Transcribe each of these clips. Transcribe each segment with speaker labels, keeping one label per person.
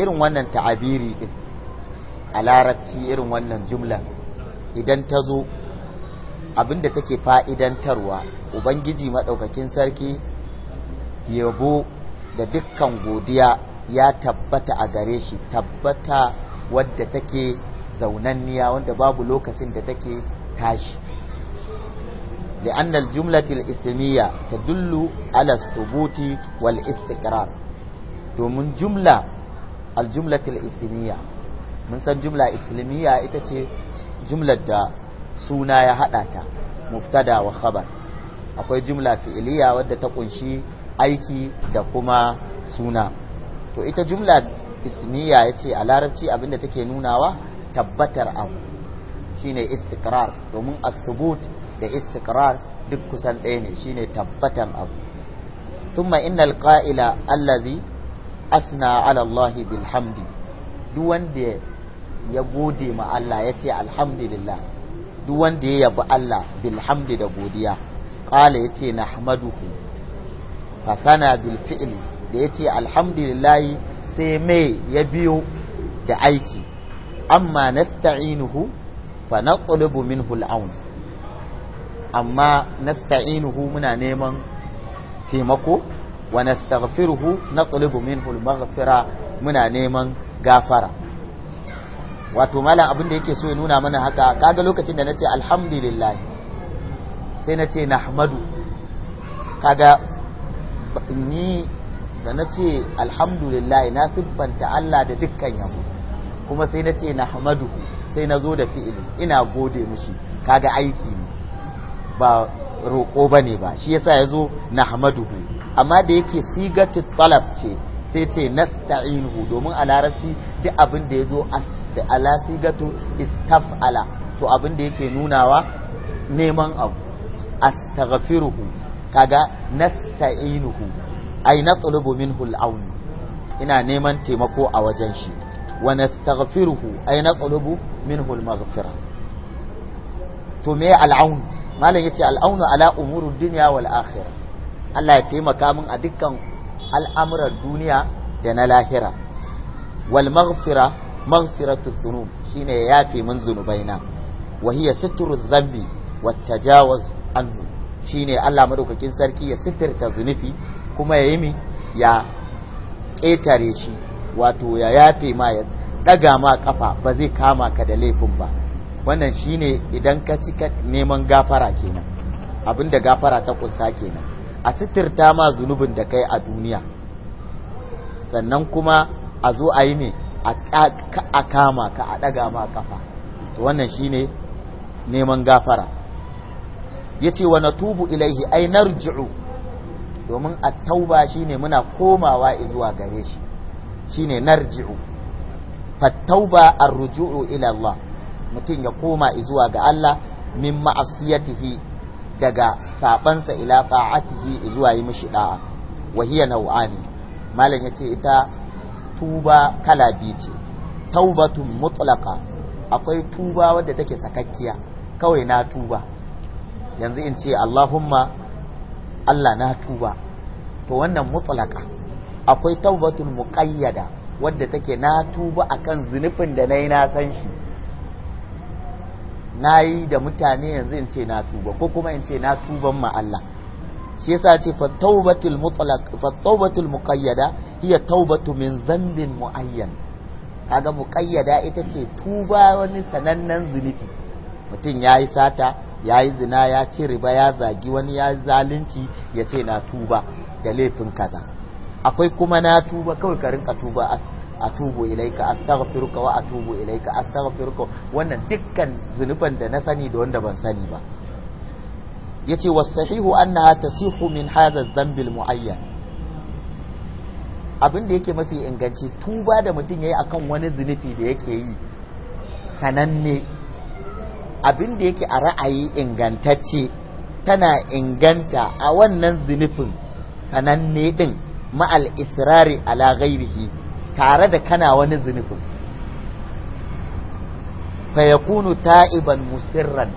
Speaker 1: irin wannan ta'abiri din a larabci irin wannan jumla idan ta zo abinda take fa'idantarwa ubangiji maɗaukakin sarki yabo da dukkan godiya ya tabbata a gare shi tabbata wadda take zaunanniya wanda babu lokacin da take tashi لأن الجملة الإسمية تدل على الثبوت والاستقرار domin jumla aljumlatul ismiya mun san jumla ismiya ita ce jumlar da suna ya hada ta muftada wa khabar akwai jumla fi'iliya wadda ta kunshi aiki da kuma suna to ita jumla ismiya yace a larabci abinda take nunawa tabbatar abu shine istiqrar domin athbut da istiqrar duk kusan ɗaya ne shine tabbatar abu thumma innal qa'ila allazi asna ala bilhamdi duk wanda ya gode ma Allah yace ce alhamdulillah duk wanda ya yabi Allah bilhamdi da godiya qala yace ce nahmaduhu fa sana bil fi'l da yace ce alhamdulillah sai mai ya biyo da aiki amma nasta'inuhu fa naqlubu minhu aun amma nasta'inuhu muna neman taimako wa nastaghfiruhu naqlubu minhu al-maghfira muna neman gafara wato malam abin da yake so ya nuna mana haka kaga lokacin da nace alhamdulillah sai nace nahmadu kaga ni da nace alhamdulillah na siffanta Allah da dukkan yabo kuma sai nace nahmadu sai nazo da fi'ili ina gode mishi kaga aiki ba roƙo bane ba shi yasa yazo nahmadu amma da yake sigatu talab ce sai ce nasta'inuhu domin a larabci duk abin da yazo ala sigatu istaf'ala to abin da yake nunawa neman abu astaghfiruhu kaga nasta'inuhu ay natlubu minhu al'aun ina neman taimako a wajen shi wa nastaghfiruhu ay natlubu minhu al-maghfira to me al'aun aun malam yace al'aunu ala umuri dunya wal akhirah Allah ya taimaka min a dukkan al'amuran duniya da na lahira wal maghfira maghfiratu shi ne ya yafe min zunubaina wa hiya zambi wa wat hannu shi ne Allah madaukakin sarki ya suturta zunufi kuma ya yi mi ya ƙetare shi wato ya yafe ma ya daga ma ƙafa ba zai kama ka da laifin ba wannan shi ne idan ka cika neman gafara kenan abinda gafara ta kunsa kenan a sitirta ma zunubin da kai a duniya sannan kuma a zo a yi ne a kama ka a ɗaga ma kafa to wannan ne neman gafara ya ce wa tubu ilaihi na narji'u domin a tauba shi ne muna komawa zuwa gare shi shine narji'u fattauba a rujuu ila Allah mutum ya koma zuwa ga Allah min ma'asiyatihi daga sabansa ila ta'atihi zuwa yi mishi da'a wa hiya nau'ani malam yace ita tuba kala biyu ce taubatun mutlaqa akwai tuba wadda take sakakkiya kawai na tuba yanzu in ce Allahumma Allah na tuba to wannan mutlaqa akwai taubatun muqayyada wadda take na tuba akan zunufin da nayi na san shi na yi da mutane yanzu in ce na tuba ko kuma in ce na tuban ma Allah shi yasa ce fattaubatul mutlaq fattaubatul muqayyada hiya taubatu min dhanbin muayyan kaga muqayyada ita ce tuba wani sanannen zunubi mutum yayi sata yayi zina ya ci riba ya zagi wani ya zalunci ya ce na tuba da laifin kaza akwai kuma na tuba kawai ka rinka tuba as atubu ilaika astaghfiruka wa atubu ilaika astaghfiruka wannan dukkan zunuban da na sani da wanda ban sani ba yace wasahihu annaha tasihu min hadha dhanbil muayyan abin da yake mafi inganci tuba da mutum yayi akan wani zunufi da yake yi sananne abin da yake a ra'ayi ingantacce tana inganta a wannan zunufin sananne din ma'al israri ala ghairihi tare da kana wani zunubin fa kunu ta'iban musirran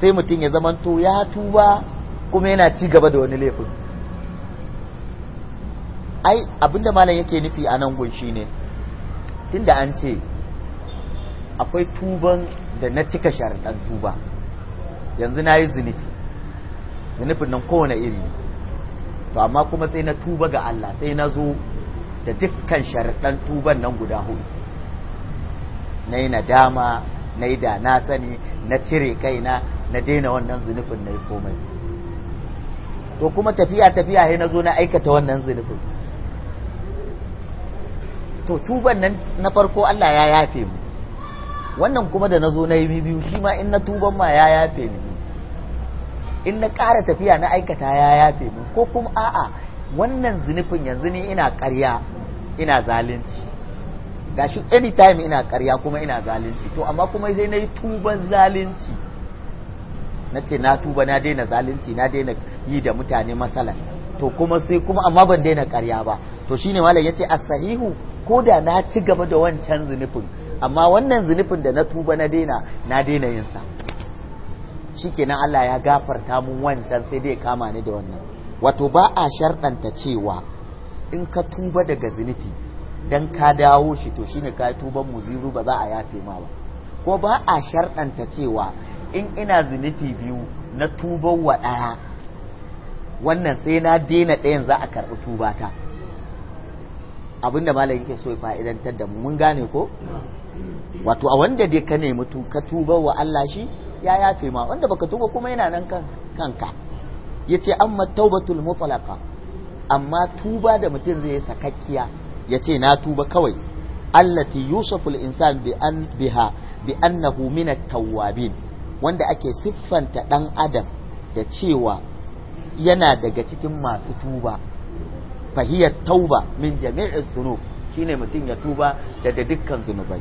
Speaker 1: sai mutum ya zamanto ya tuba kuma yana ci gaba da wani laifin ai abinda malam yake nufi a nan gun shine tunda an ce akwai tuban da na cika sharaɗan tuba yanzu na yi zunufi zunufin nan kowane iri to amma kuma sai na tuba ga Allah sai na zo da dukkan sharaɗan tuban nan guda hudu na yi nadama na yi da na sani na cire kaina na daina wannan zunufin na yi komai to kuma tafiya tafiya sai na zo na aikata wannan zunufin to tuban nan na farko Allah ya yafe mu wannan kuma da na zo na yi biyu shi ma in na tuban ma ya yafe ni in na ƙara tafiya na aikata ya yafe mu ko kuma a'a wannan zunufin yanzu ne ina ƙarya ina zalunci gashi anytime ina ƙarya kuma ina zalunci to amma kuma sai na yi tuban zalunci na ce na tuba na daina zalunci na daina yi da mutane matsala to kuma sai kuma amma ban daina ƙarya ba to shine malam ya ce sahihu ko da na ci gaba da wancan zunufin amma wannan zunufin da na tuba na daina na daina yinsa. shi kenan Allah ya gafarta mun wancan sai dai kama ni da wannan wato ba a sharɗanta cewa in ka tuba daga zunubi dan ka dawo shi to shine ka tuban mu muziru ba za a yafe ma ba ko ba a sharɗanta cewa in ina zunubi biyu na tuban wa ɗaya wannan sai na daina ɗayan za a karɓi tubata abinda malam yake so ya fa'idantar da mu mun gane ko wato a wanda dai ka nemi ka tuba wa Allah shi ya yafe ma wanda baka tuba kuma yana nan kanka yace amma taubatul mutlaqa amma tuba da mutum zai sakakkiya yace na tuba kawai allati yusuful insan bi an biha bi annahu min at-tawwabin wanda ake siffanta dan adam da cewa yana daga cikin masu tuba fahiyat tauba min jami'in zunub shine mutum ya tuba daga dukkan zunubai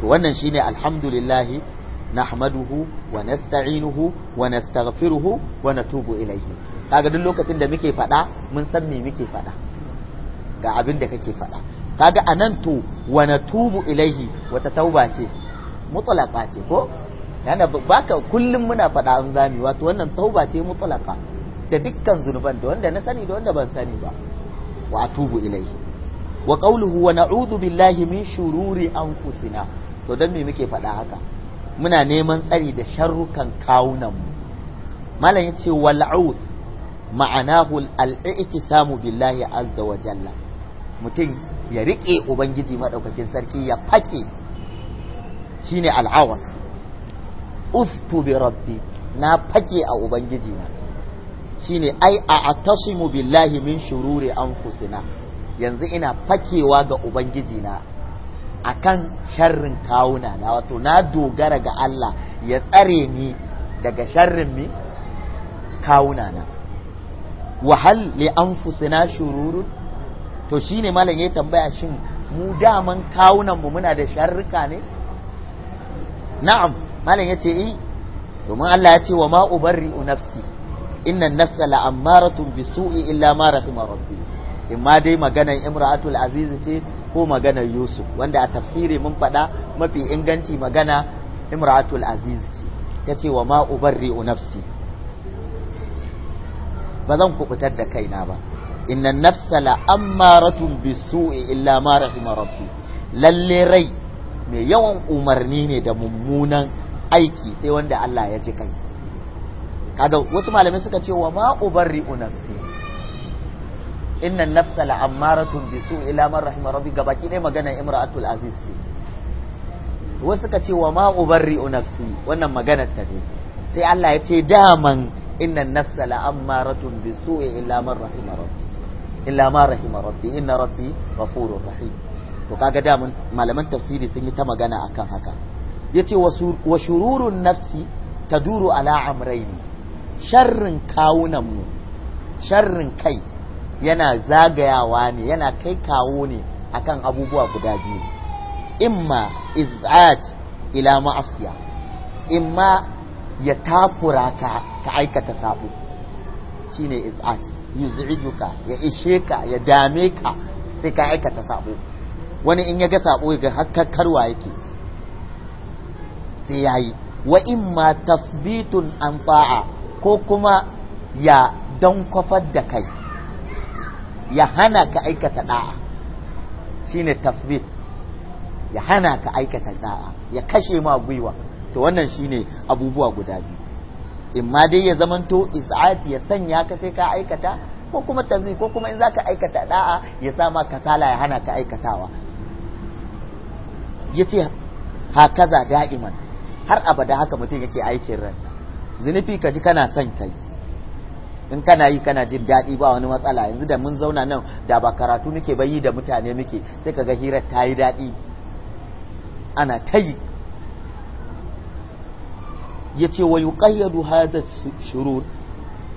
Speaker 1: to wannan shine alhamdulillahi نحمده wa ونستغفره wa nastaghfiruhu wa kaga duk lokacin da muke faɗa mun san me muke faɗa ga abin da kake faɗa kaga anan to wa natubu ilaihi wata tauba ce mutlaqa ce ko yana baka kullum muna faɗa an zami wato wannan tauba ce mutlaqa da dukkan zunuban da wanda na sani da wanda ban sani ba wa atubu ilaihi wa qawluhu wa na'udhu billahi min shururi anfusina to dan me muke faɗa haka muna neman tsari da sharrukan kawunanmu malam yace wal'ud ma'anahu al samu billahi azza wa jalla mutum ya riƙe ubangiji madaukakin sarki ya fake Shi ne al'awar ustu bi rabbi na fake a ubangiji na Shi ne ai a atasimu billahi min shururi anfusina yanzu ina fakewa ga ubangiji na akan sharrin kawuna na wato na dogara ga Allah ya tsare ni daga sharrin mi kawuna na wahal li anfusina shururun to shine malam ya tambaya shin mu daman kawunan mu muna da sharrika ne na'am malam yace eh domin Allah ya ce wa ma ubarri'u nafsi inna nafsa la'ammaratun bisu'i illa ma rahima rabbi in ma dai maganar imra'atul aziz ce ko maganar Yusuf wanda a tafsiri mun faɗa mafi inganci magana imratul aziz ce ta ce wa ma ubarri'u nafsi ba zan kuɓutar da kaina ba inna nafsa la'ammaratun bisu'i illa ma rabbi lalle rai mai yawan umarni ne da mummunan aiki sai wanda Allah ya ji kai kaga wasu malamai suka ce wa ma ubarri'u nafsi inna nafsa la'ammaratun bisu ila man rahima rabbi gabaki ne magana imra'atul aziz ce wasu ka ce wa ma ubarri'u nafsi wannan maganar ta ne sai Allah ya ce daman inna nafsa la'ammaratun bisu ila man rahima rabbi illa ma rahima rabbi inna rabbi ghafurur rahim to kaga daman malaman tafsiri sun yi ta magana akan haka yace wa shururun nafsi taduru ala amrayn sharrin kawunan mu sharrin kai yana zagayawa ne yana kai kawo ne akan abubuwa guda biyu imma iz'at ila ma'asiya imma ya takura ka ka aikata sabo shine iz'at yuz'ijuka ya ishe ka ya dame ka sai ka aikata sabo wani in ya ga sabo ya ga karwa yake sai yayi wa imma tasbitun an ta'a ko kuma ya don kwafar da kai ya hana ka aikata da'a shine tafbit ya hana ka aikata da'a ya kashe ma gwiwa to wannan shine abubuwa guda biyu in ma dai ya zamanto iz'ati ya sanya ka sai ka aikata ko kuma tanzi ko kuma in zaka aikata da'a ya sa ma kasala ya hana ka aikatawa yace hakaza da'iman har abada haka mutum yake aikin ran zunufi kaji kana son kai in kana yi kana jin daɗi ba wani matsala yanzu da mun zauna nan da ba karatu muke bayi da mutane muke sai kaga hira ta yi daɗi ana ta yi ya ce wa ƙayyadu hadha shurur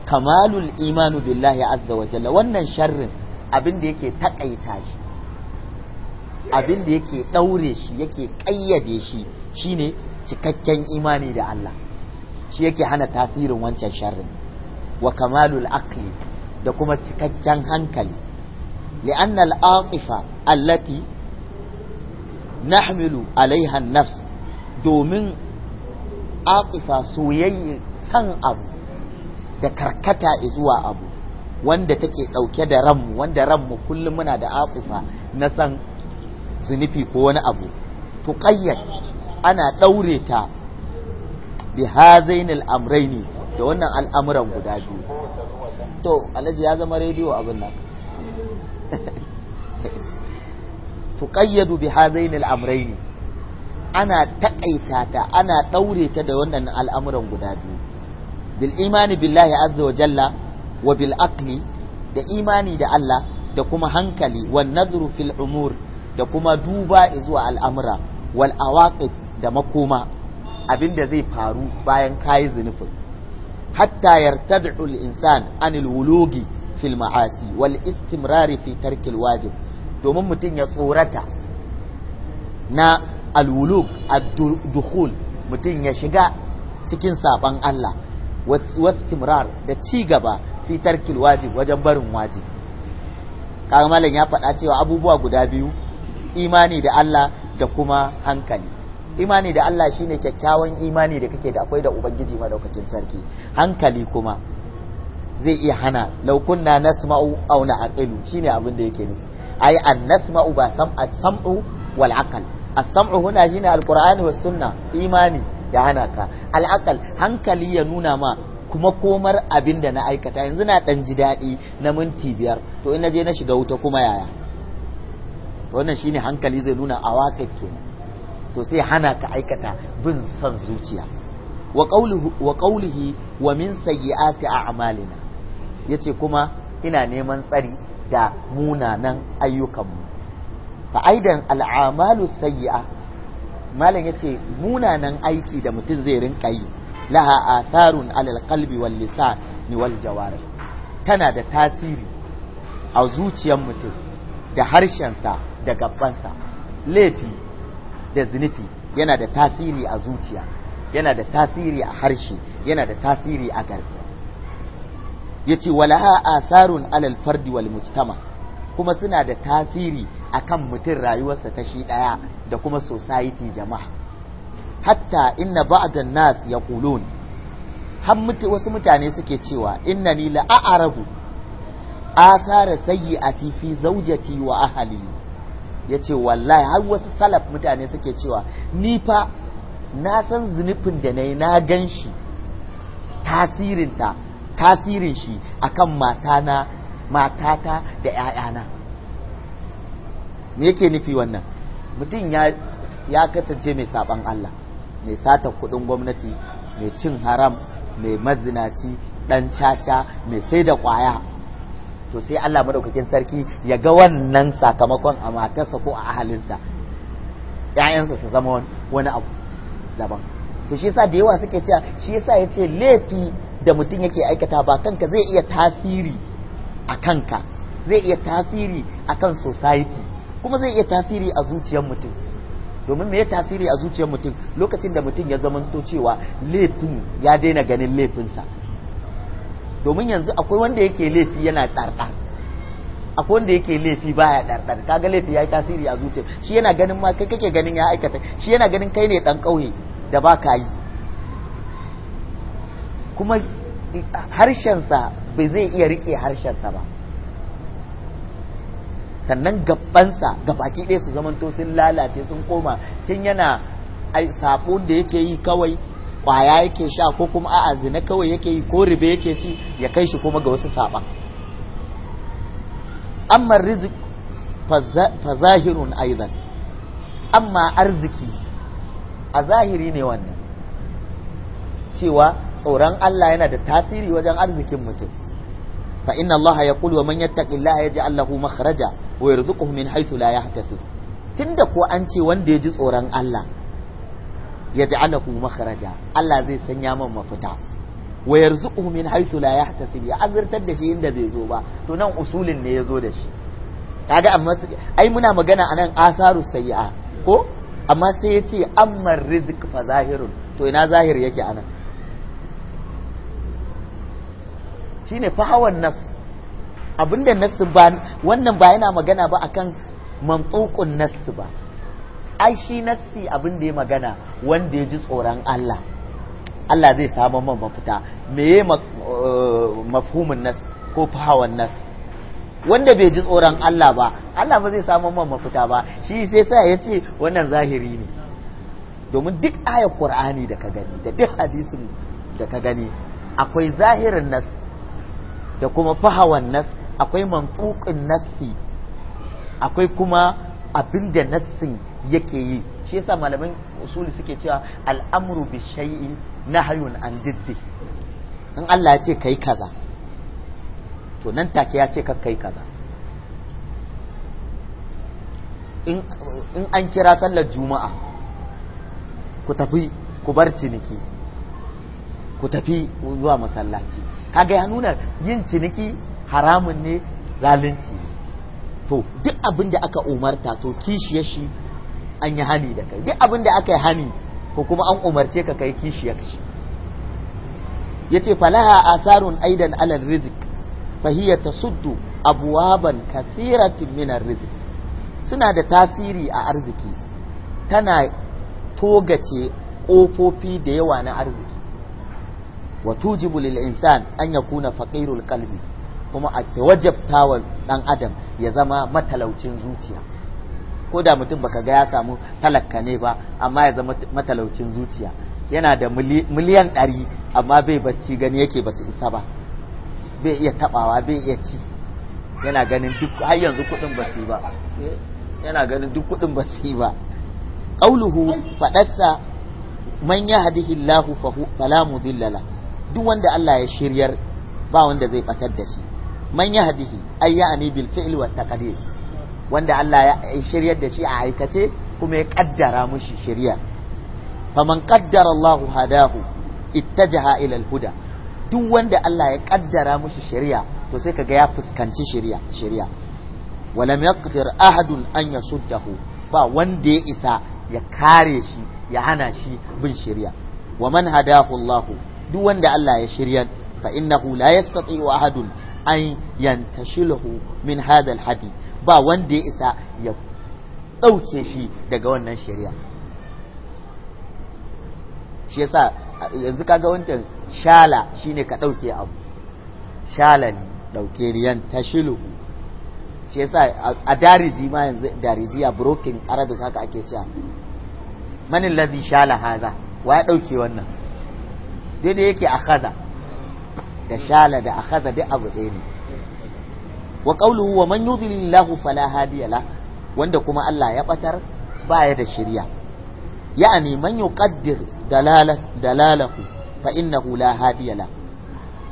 Speaker 1: kamalul imanu billahi azza wa jalla wannan sharrin abin da yake taƙaita shi abin da yake ɗaure shi yake ƙayyade shi shine cikakken imani da Allah shi yake hana tasirin wancan sharrin wa kamalul aqli da kuma cikakken hankali li'anna al'aqifa allati nahmilu alaiha nafs domin aqifa soyayya san abu da karkata zuwa abu wanda take ɗauke da ranmu wanda ranmu kullum muna da aqifa na san zunufi ko wani abu tuqayyad ana ɗaure ta bi hazainil amraini da wannan al'amuran guda biyu to alhaji ya zama rediyo abin nan tuqayyadu bi hadain al'amrain ana taƙaita ta ana ɗaure ta da wannan al'amuran guda biyu bil imani billahi azza wa jalla wa bil aqli da imani da Allah da kuma hankali wan nadru fil umur da kuma duba zuwa al'amura wal awaqib da makoma abinda zai faru bayan kayi zunufin hatta yartad'u al-insan anil wulugi fil ma'asi wal istimrari fi tarkil wajib domin mutum ya tsorata na alwulug ad-dukhul mutum ya shiga cikin saban Allah wastimrar da ci gaba fi tarkil wajib wajen barin wajib kaga ya faɗa cewa abubuwa guda biyu imani da Allah da kuma hankali imani da Allah shine kyakkyawan imani da kake da akwai da ubangiji madaukakin sarki hankali kuma zai iya hana law kunna nasma'u aw na'qilu shine abin da yake ne ai an nasma'u ba sam'a sam'u wal aql as-sam'u huna shine alqur'ani was sunna imani ya hana ka al hankali ya nuna ma kuma komar abin da na aikata yanzu na dan ji daɗi na minti biyar to in na je na shiga wuta kuma yaya wannan shine hankali zai nuna a waƙa kenan to sai hana ka aikata bin son zuciya wa qawlihi wa min sayyiati a'malina yace kuma ina neman tsari da munanan ayyukanmu fa aidan al'amalu sayyi'a malam yace munanan aiki da mutum zai rinka yi laha atharun alal qalbi wal lisan wal jawarih tana da tasiri a zuciyar mutum da harshensa da gabansa laifi da zunufi yana da tasiri a zuciya yana da tasiri a harshe yana da tasiri a garbi yace walaha asarun alal fardi wal mujtama kuma suna da tasiri a kan mutum rayuwarsa ta shi ɗaya. da kuma society jama'a hatta inna ba'dan nas ya har mutu wasu mutane suke cewa ni la a'rabu asara a fi zaujati wa ahli ya ce wallahi har wasu salaf mutane suke cewa ni fa na san zunufin da na yi na gan shi tasirinta tasirin shi akan matana matata da 'ya'yana me yake nufi wannan mutum ya kasance mai saban Allah mai sata kudin gwamnati mai cin haram mai mazinaci dan caca mai sai da kwaya to sai Allah madaukakin sarki ya ga wannan sakamakon a matarsa ko a ahalinsa ƴaƴansa su zama wani abu daban to shi yasa da yawa suke cewa shi yasa ce laifi da mutum yake aikata ba kanka zai iya tasiri a kanka zai iya tasiri a kan society kuma zai iya tasiri a zuciyar mutum domin me ya tasiri a zuciyar mutum lokacin da mutum ya to cewa laifin ya daina ganin laifinsa domin yanzu akwai wanda yake laifi yana ɗarɗar akwai wanda yake laifi baya ɗarɗar kaga laifi ya yi tasiri a zuciya shi yana ganin ma kai kake ganin ya aikata shi yana ganin kai ne dan ƙauye da ba ka yi kuma harshensa bai zai iya riƙe harshensa ba sannan gabansa ga baki ɗaya su zamanto sun lalace sun koma tun yana sabo da yake yi kawai kwaya yake sha ko kuma a'a zina kawai yake yi ko ribe yake ci ya kai shi kuma ga wasu saba amma rizik fa zahirun aidan amma arziki a zahiri ne wannan cewa tsoron Allah yana da tasiri wajen arzikin mutum fa inna Allah ya kulu wa man yattaqillaha yaj'al lahu makhraja wa yarzuquhu min haythu la yahtasib tunda ko an ce wanda ya ji tsoron Allah alahu makhraja Allah zai sanya man mafita wa yarzuquhu min haythu la yahtasib ya azirtar da shi inda bai zo ba to nan usulin ne yazo da shi kaga amma ai muna magana anan asaru sayyi'a ko amma sai ya ce amma rizq fa zahirun to ina zahir yake anan shine ne hawan nas abinda nas ba wannan ba yana magana ba akan mantuqun nas ba ai shi nassi abin da ya magana wanda ya ji tsoron Allah Allah zai samu man mafita meye eh, mafhumin nas ko fahawan nas wanda bai ji tsoron Allah ba Allah ba zai samu man mafita ba shi sai sa ya ce wannan zahiri ne domin duk ayar Qur'ani da ka gani da duk hadisin da ka gani akwai zahirin nas da kuma fahawan nas akwai mantuƙin nassi akwai kuma abin da nassin yake yi shi yasa malaman usuli suke cewa al'amru bi shay'in nahyun an diddi in Allah ya ce kai kaza to nan take ya ce ka kai kaza in an kira sallar juma'a ku tafi ku bar ciniki ku tafi zuwa masallaci kaga ya nuna yin ciniki haramun ne zalunci to duk abin da aka umarta to kishiyar shi an yi hani da kai duk abin da aka yi hani ko kuma an umarce ka kai kishiyar shi yace falaha atharun aidan alal rizq ta tasuddu abwaban kathiratin min rizq suna da tasiri a arziki tana togace kofofi da yawa na arziki wa tujibu lil insan an yakuna faqirul qalbi kuma a wajabtawa dan adam ya zama matalaucin zuciya ko da mutum baka ga ya samu talakka ne ba amma ya zama matalaucin zuciya yana da miliyan ɗari amma bai bacci gani yake ba su isa ba bai iya tabawa bai iya ci yana ganin duk har yanzu kuɗin ba su ba yana ganin duk kuɗin ba su ba qauluhu fadassa man fahu fala mudilla duk wanda Allah ya shiryar ba wanda zai batar da shi man yahdihi ayya ani bil fi'li wa taqdir wanda Allah ya shiryar da shi a aikace kuma ya kaddara mushi shirya faman kaddara Allah hadahu ittajaha ila al-huda duk wanda Allah ya kaddara mushi shirya to sai kaga ya fuskanci shirya shirya walam yaqdir ahadun an yasuddahu ba wanda ya isa ya kare shi ya hana shi bin shirya wa man hadahu Allah duk wanda Allah ya shirya fa innahu la yastati'u ahadun an yantashilahu min hadha al-hadi ba wanda ya isa ya ɗauke shi daga wannan shari'a shi yasa yanzu kaga wancan shala shine ka ɗauke abu shala ne ɗauke riyan tashiluhu shi yasa a dariji ma yanzu dariji a broken arabic haka ake cewa manin lazi shala haza wa ya ɗauke wannan daidai yake a haza. da shala da a haza duk abu ɗaya ne wa qawluhu wa man yudlilillahu fala hadiya la wanda kuma Allah ya batar baya da shirya ya'ani man yuqaddir dalalan dalalahu fa innahu la hadiya la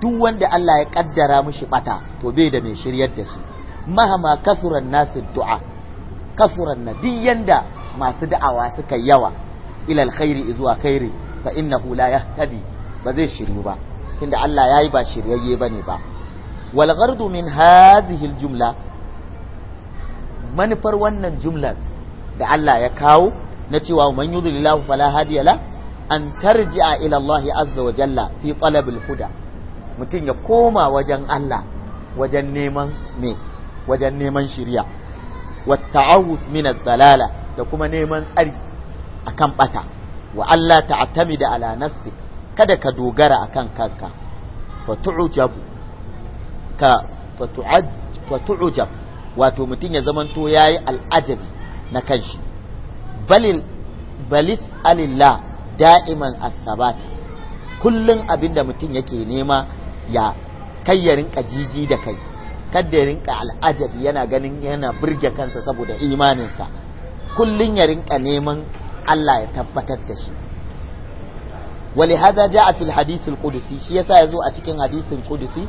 Speaker 1: duk wanda Allah ya kaddara mishi bata to bai da mai shiryar da shi mahama kasuran nasu du'a kasuran duk da masu da'awa suka yawa ilal khairi zuwa khairi fa innahu la yahtadi ba zai shiryu ba tunda Allah yayi ba shiryayye bane ba wal min hazihil jumla manufar wannan jumlar da Allah ya kawo na cewa man yudlillahu fala hadiya la an tarji'a ila Allah azza wa jalla fi talab huda mutum ya koma wajen Allah wajen neman me wajen neman shiriya wa ta'awud min dalala da kuma neman tsari akan bata wa Allah ta'tamida ala nafsi kada ka dogara akan kanka fa tu'jabu ka fatu'ujab wato mutum ya zamanto ya yi al'ajabi na kanshi balil balis alillah da'iman asabat kullum abinda mutum yake nema ya kai ya rinka da kai kada ya rinka al'ajabi yana ganin yana birge kansa saboda imaninsa kullum ya rinka neman Allah ya tabbatar da shi ولهذا جاء في shi yasa ya zo a cikin hadisin kudusi.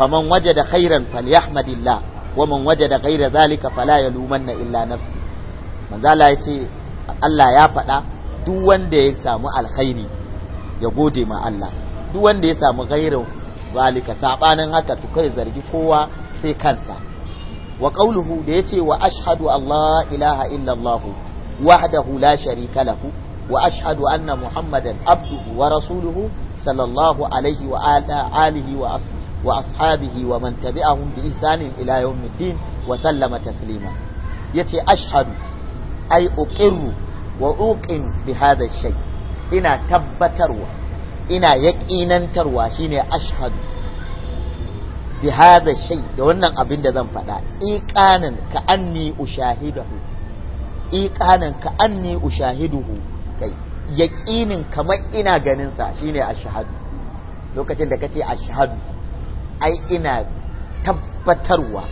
Speaker 1: faman wajada khairan falyahmadillah wa man wajada ghaira zalika fala yalumanna illa nafsi manzala ya ce Allah ya faɗa duk wanda ya samu alkhairi ya gode ma Allah duk wanda ya samu ghairu zalika sabanin haka to kai zargi kowa sai kansa wa qauluhu da yace wa ashhadu Allah ilaha illa Allah wahdahu la sharika lahu wa ashhadu anna muhammadan abduhu wa rasuluhu sallallahu alaihi wa alihi wa ashabihi وأصحابه ومن تبعهم بإحسان إلى يوم الدين وسلم تسليما يتي أشهد أي أقر وأوقن بهذا الشيء إنا تبتروا إنا يكينا تروا شيني أشهد بهذا الشيء da wannan abin da zan faɗa iqanan ka anni ushahidahu iqanan ka anni kamar ina ganin sa shine ashhadu lokacin da kace ashhadu ai ina tabbatarwa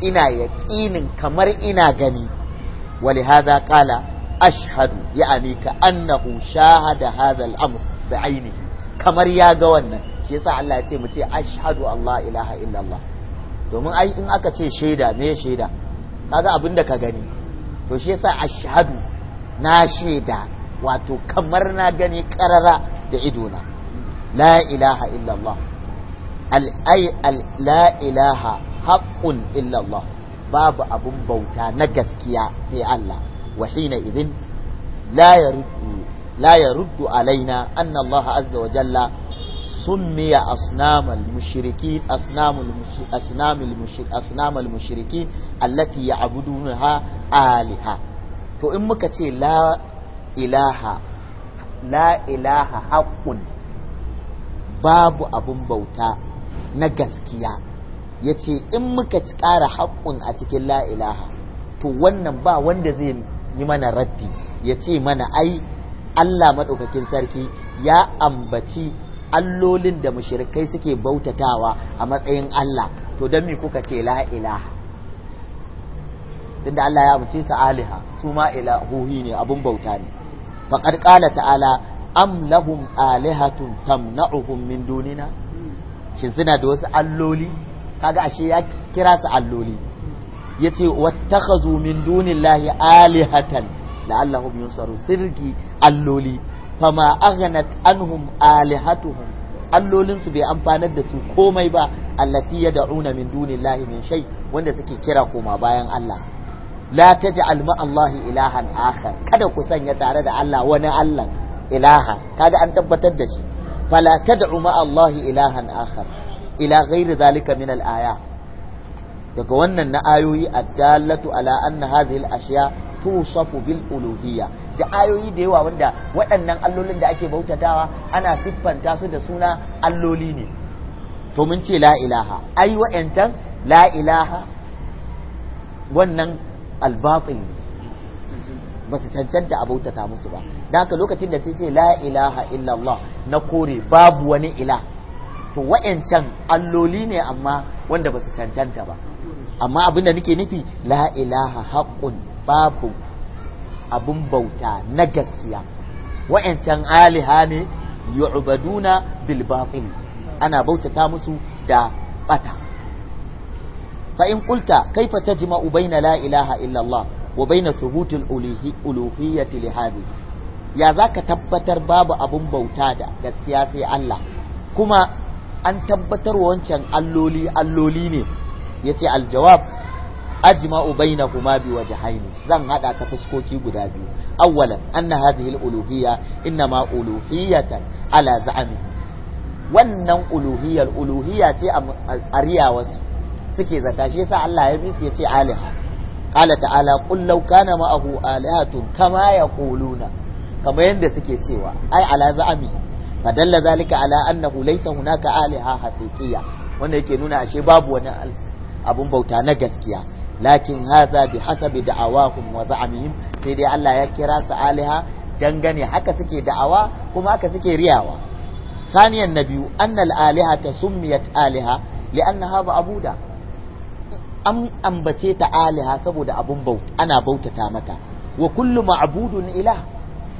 Speaker 1: ina yaƙinin kamar ina gani wali haza kala ashhadu ya amika annahu shahada da al-amr bi ainihi kamar ya ga wannan shi yasa Allah ya ce mu ce ashhadu Allah ilaha illallah domin ai in aka ce shaida me shaida kaga abin da ka gani to shi yasa ashhadu na shaida wato kamar na gani karara da idona la ilaha illallah la ilaha haqqun illallah babu abun bauta na gaskiya sai Allah wa hina idin la yaruddu la alaina anna Allah azza wa jalla سمي أصنام المشركين أصنام أصنام to in muka ce la ilaha la ilaha haƙƙun babu abun bauta na gaskiya ya ce in muka ƙara haƙƙun a cikin la'ilaha to wannan ba wanda zai yi mana raddi ya ce mana ai Allah maɗaukakin sarki ya ambaci allolin da mushirikai suke bautatawa a matsayin Allah to don me kuka ce la'ilaha. tunda Allah ya ambace su aliha su ma ilahuhi ne abun bauta ne faqad qala ta'ala am lahum alihatun tamna'uhum min dunina shin suna da wasu alloli kaga ashe ya kira su alloli yace wattakhazu min dunillahi alihatan la'allahum yunsaru sirgi alloli fama aghnat anhum alihatuhum allolin su bai amfanar da su komai ba allati yad'una min dunillahi min shai wanda suke kira koma bayan Allah la taj'al ma ilahan akhar kada ku sanya tare da Allah wani Allah ilaha kaga an tabbatar da shi Falata da ma Allahu ilahan akhar ila ghairi zalika min al daga wannan na ayoyi addallatu ala anna hadhihi al-ashya tusafu bil uluhiyya da ayoyi da yawa wanda waɗannan allolin da ake bautatawa ana siffanta su da suna alloli ne to mun ce la ilaha ai wa'ancan la ilaha wannan albatin ba cancanta a bautata musu ba da haka lokacin da ta ce la ilaha illallah na kore babu wani ila to wa'ancan alloli ne amma wanda ba su cancanta ba amma abin da nake nufi la ilaha haƙƙun babu abin bauta na gaskiya wa'ancan aliha ne yu'baduna bil batil ana bautata musu da bata fa in qulta kaifa tajma'u bayna la ilaha illallah wa bayna thubutil uluhiyyati li hadhihi ya za ka tabbatar babu abun bauta da gaskiya sai Allah kuma an tabbatar wancan alloli alloli ne ya ce aljawab ajma'u bainahuma bi wajhaini zan hada ta fuskoki guda biyu awwalan anna hadhihi al-uluhiyya inma uluhiyatan ala za'ami wannan uluhiyyar uluhiyya ce a riyawarsu suke zata shi yasa Allah ya bisu yace aliha qala ta'ala qul law kana ma'ahu alihatun kama yaquluna kamar yadda suke cewa ai ala za'ami fadalla zalika ala annahu laysa hunaka aliha haqiqiyya wanda yake nuna ashe babu wani abun bauta na gaskiya lakin hadha bi hasabi da'awahum wa za'amihim sai dai Allah ya kira su aliha dangane haka suke da'awa kuma haka suke riyawa Aliha, النبي أن الآلهة سميت آلهة لأنها معبودة أم أنبتيت آلهة سبود أبن bautata mata, wa تامتا وكل معبود ila?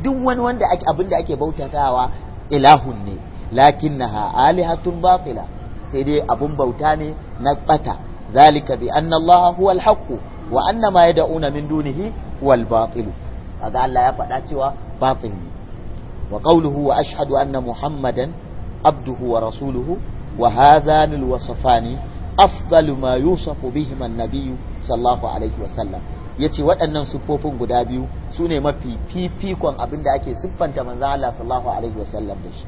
Speaker 1: duk wani wanda ake abin da ake bautatawa ilahun ne lakinnaha alihatun batila sai dai abun bauta ne na bata zalika bi anna allaha huwal wa anna ma yad'una min dunihi wal batil kaga Allah ya faɗa cewa batil ne wa qawluhu wa ashhadu anna muhammadan abduhu wa rasuluhu wa hadhan al wasfani afdalu ma yusafu bihima an-nabiyyu sallallahu alaihi wa sallam yace waɗannan sufofin guda biyu su ne mafi fifikon abin da ake siffanta manzo Allah sallallahu alaihi wasallam da shi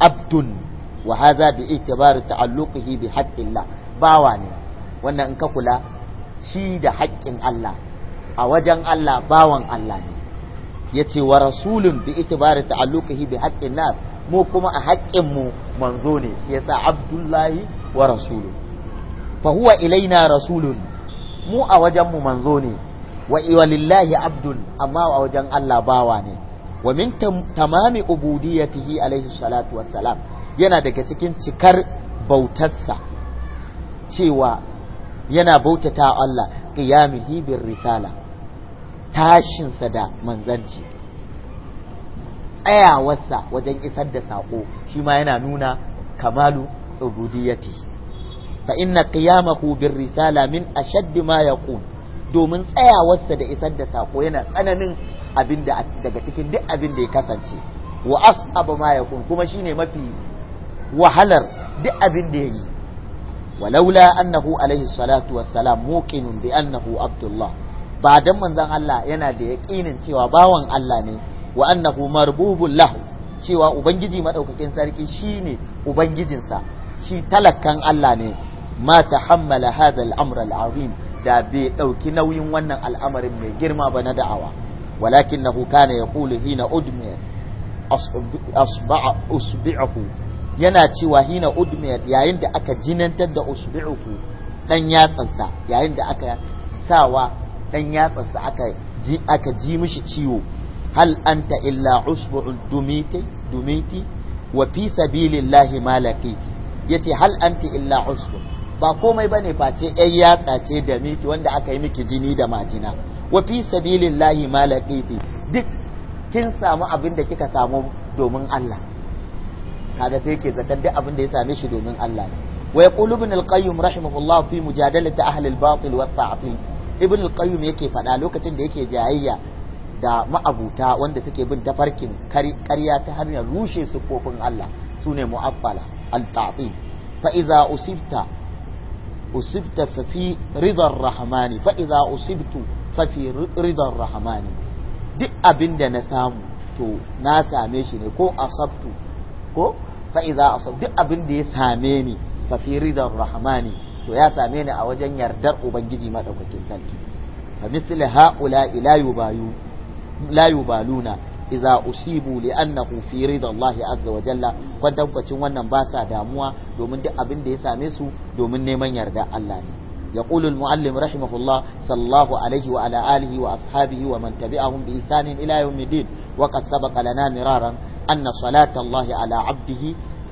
Speaker 1: abdun wa hadha bi itibari ta'alluqihi bi haqqillah bawa ne wannan in ka kula shi da haƙƙin Allah a wajen Allah bawan Allah ne yace wa rasulun bi itibari ta'alluqihi bi haqqin nas mu kuma a haƙƙin mu manzo ne yasa abdullahi wa rasulun fa huwa ilaina rasulun mu a wajen mu manzo ne wa lillahi abdun amma a wajen Allah bawa ne wa min tamami ubudiyatihi alaihi salatu wassalam yana daga cikin cikar bautarsa cewa yana bautata Allah qiyamihi bir risala tashinsa da manzanci tsayawarsa wajen isar da sako shi ma yana nuna kamalu ubudiyati fa inna qiyamahu bir risala min ashaddi ma yaqul domin tsayawarsa da isar da sako yana tsananin abin da daga cikin duk abin da ya kasance wa abu ma kun kuma shine mafi wahalar duk abin da yayi walaula annahu alaihi salatu wassalam muqinun bi annahu abdullah ba dan manzon Allah yana da yaqinin cewa bawan Allah ne wa annahu marbubun lahu cewa ubangiji madaukakin sarki shine ubangijinsa shi talakkan Allah ne ma tahammala hadha al-amr al-azim da bai ɗauki nauyin wannan al'amarin mai girma ba na da'awa walakin na huka ne ya kulu hina udmiyat usbi'ahu yana cewa hina udmiyat yayin da aka jinantar da usbi'ahu dan yatsansa yayin da aka sawa dan yatsansa aka ji aka ji mishi ciwo hal anta illa usbu'un dumiti dumiti wa fi sabilillahi malaki yace hal anta illa usbu ba komai bane face ƴan yatsa ce da miki wanda aka yi miki jini da majina wa fi sabilillahi ma duk kin samu abin da kika samu domin Allah kaga sai ke zakar duk abin da ya same shi domin Allah Wai wa yaqulu ibn al-qayyim rahimahullah fi mujadalati ahli al-batil wa ta'fin ibn al-qayyim yake faɗa lokacin da yake jayayya da ma'abuta wanda suke bin tafarkin ƙarya ta hanyar rushe sufofin Allah sune mu'affala al tafi fa iza usibta usibta fafi ridar rahmani fa idza usibtu fafi ridar rahmani duk abin da na samu to na same shi ne ko asabtu ko fa'iza idza asab duk abin da ya same ni fafi ridar rahmani to ya same ni a wajen yardar ubangiji madaukakin sarki fa misli haula ila yubayu na. iza usibu li annahu fi ridallahi azza wa jalla kwatankwacin wannan ba sa damuwa domin duk abin da ya same su domin neman yarda Allah ne يقول المعلم رحمه الله صلى الله عليه وعلى آله وأصحابه ومن تبعهم بإحسان إلى يوم الدين وقد سبق لنا مرارا أن صلاة الله على عبده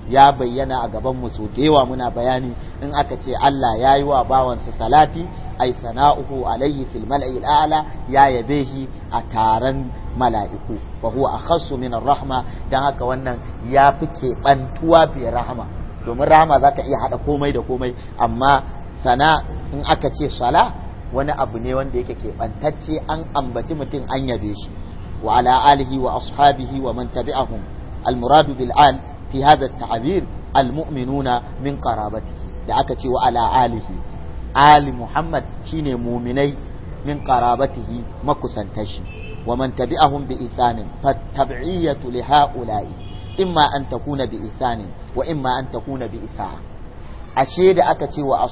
Speaker 1: ya bayyana a gaban mu so da yawa muna bayani in aka ce Allah ya yi wa bawansa salati ay sana'uhu alayhi fil mal'i al'ala ya yabe shi a taron mala'iku wa huwa akhassu min rahma dan haka wannan ya fi keɓantuwa fi rahma. domin rahma zaka iya hada komai da komai amma sana in aka ce sala wani abu ne wanda yake keɓantacce an ambaci mutum an yabe shi wa ala alihi wa ashabihi wa man tabi'ahum al muradu bil al fi hadha at al mu'minuna min da aka ce wa alihi ali muhammad shine muminai min qarabatihi makusantashi wa man tabi'ahum bi isanin fattabi'iyatu li ha'ula'i imma an takuna bi isanin wa imma an takuna bi ashe da aka ce wa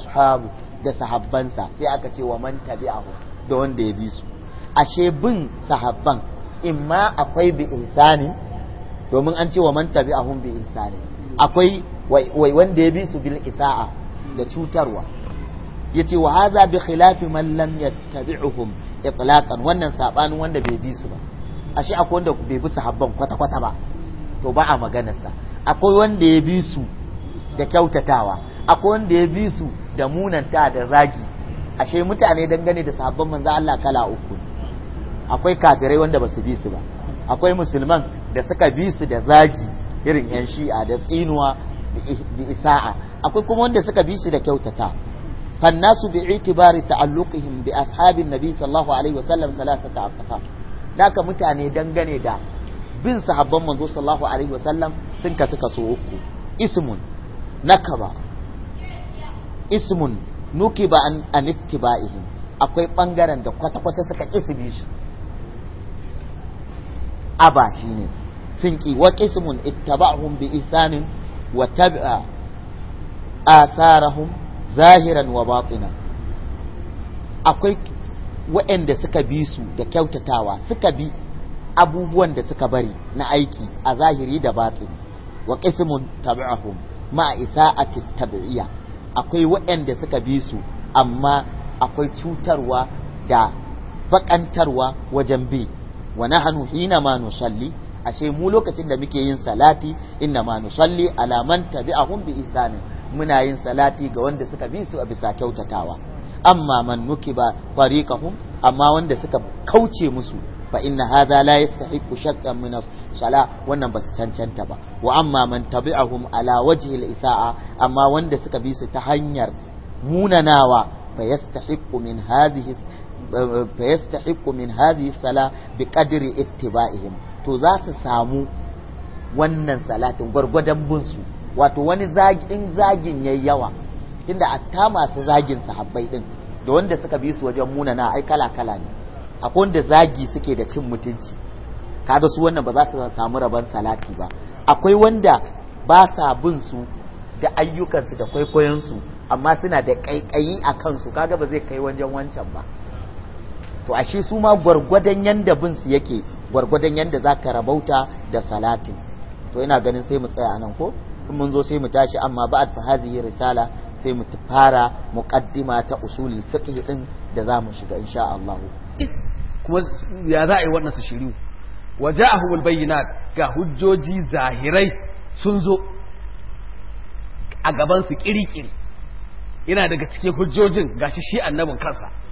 Speaker 1: da sahabbansa sai aka ce wa man tabi'ahu da wanda ya bi su ashe bin sahabban ma akwai bi ihsanin domin an ce wa man tabi'ahum bi ihsanin akwai wanda ya bi su bil isa'a da cutarwa yace wa hadha bi khilafi man lam yattabi'uhum itlaqan wannan sabanin wanda bai bi su ba ashe akwai wanda bai bi sahabban kwata kwata ba to ba a maganar sa akwai wanda ya bi su da kyautatawa akwai wanda ya bi su da munanta da zagi ashe mutane dangane da sahabban manzo Allah kala uku akwai kafirai wanda ba su bi su ba akwai musulman da suka bi su da zagi irin yan shi'a da tsinuwa bi isa'a akwai kuma wanda suka bi su da kyautata فالناس باعتبار تعلقهم بأصحاب النبي صلى الله عليه وسلم ثلاثة أقسام ذاك متاني دنغني دا بن صحابة منذ صلى الله عليه وسلم سنك سك سوكو اسم نكبة اسم نكب عن عن اتباعهم akwai ɓangaren da kwata-kwata suka ƙi shi aba shi ne sun ƙi wa ƙismun ittaba'hum bi isanin wa tabi'a asarahum zahiran wa batina akwai waɗanda suka bi su da kyautatawa suka bi abubuwan da suka bari na aiki a zahiri da batin wa qismun tabi'ahum ma isa'ati tabi'iyya akwai waɗanda suka bi su amma akwai cutarwa da bakantarwa wajen bi wa nahnu hina ma nusalli ashe mu lokacin da muke yin salati inna ma nusalli ala man tabi'ahum bi isanin muna yin salati ga wanda suka bi su a bisa kyautatawa amma man nukiba tariqahum amma wanda suka kauce musu fa inna haza la yastahiqu shakkan min shala wannan ba su cancanta ba wa amma man tabi'ahum ala wajhi al-isa'a amma wanda suka bi su ta hanyar munanawa fa yastahiqu min hadhihi fa yastahiqu min hadhihi sala bi qadri ittiba'ihim to za su samu wannan salatin gwargwadon bin su wato wani in zagin yayi yawa tunda atta masu zagin sahabbai din da wanda suka bi su wajen munana ai kala kala ne akwai wanda zagi suke da cin mutunci kaga su wannan ba za su samu rabon salati ba akwai wanda ba sa bin su da ayyukansu da kwaikwayon su amma suna da kaikayi a kansu kaga ba zai kai wajen wancan ba to ashe su ma gwargwadon yanda bin su yake gwargwadon yanda za ka rabauta da salatin to ina ganin sai mu tsaya anan ko in mun zo sai mu tashi amma ba'ad fa hadhihi risala sai mu fara muqaddima ta usulul fiqh din da za mu shiga insha Allah kuma ya za a yi wannan su shiriu waja'ahumul bayyinat ga hujjoji zahirai sun zo a gaban su kirikiri yana daga cikin hujjojin gashi shi annabin kansa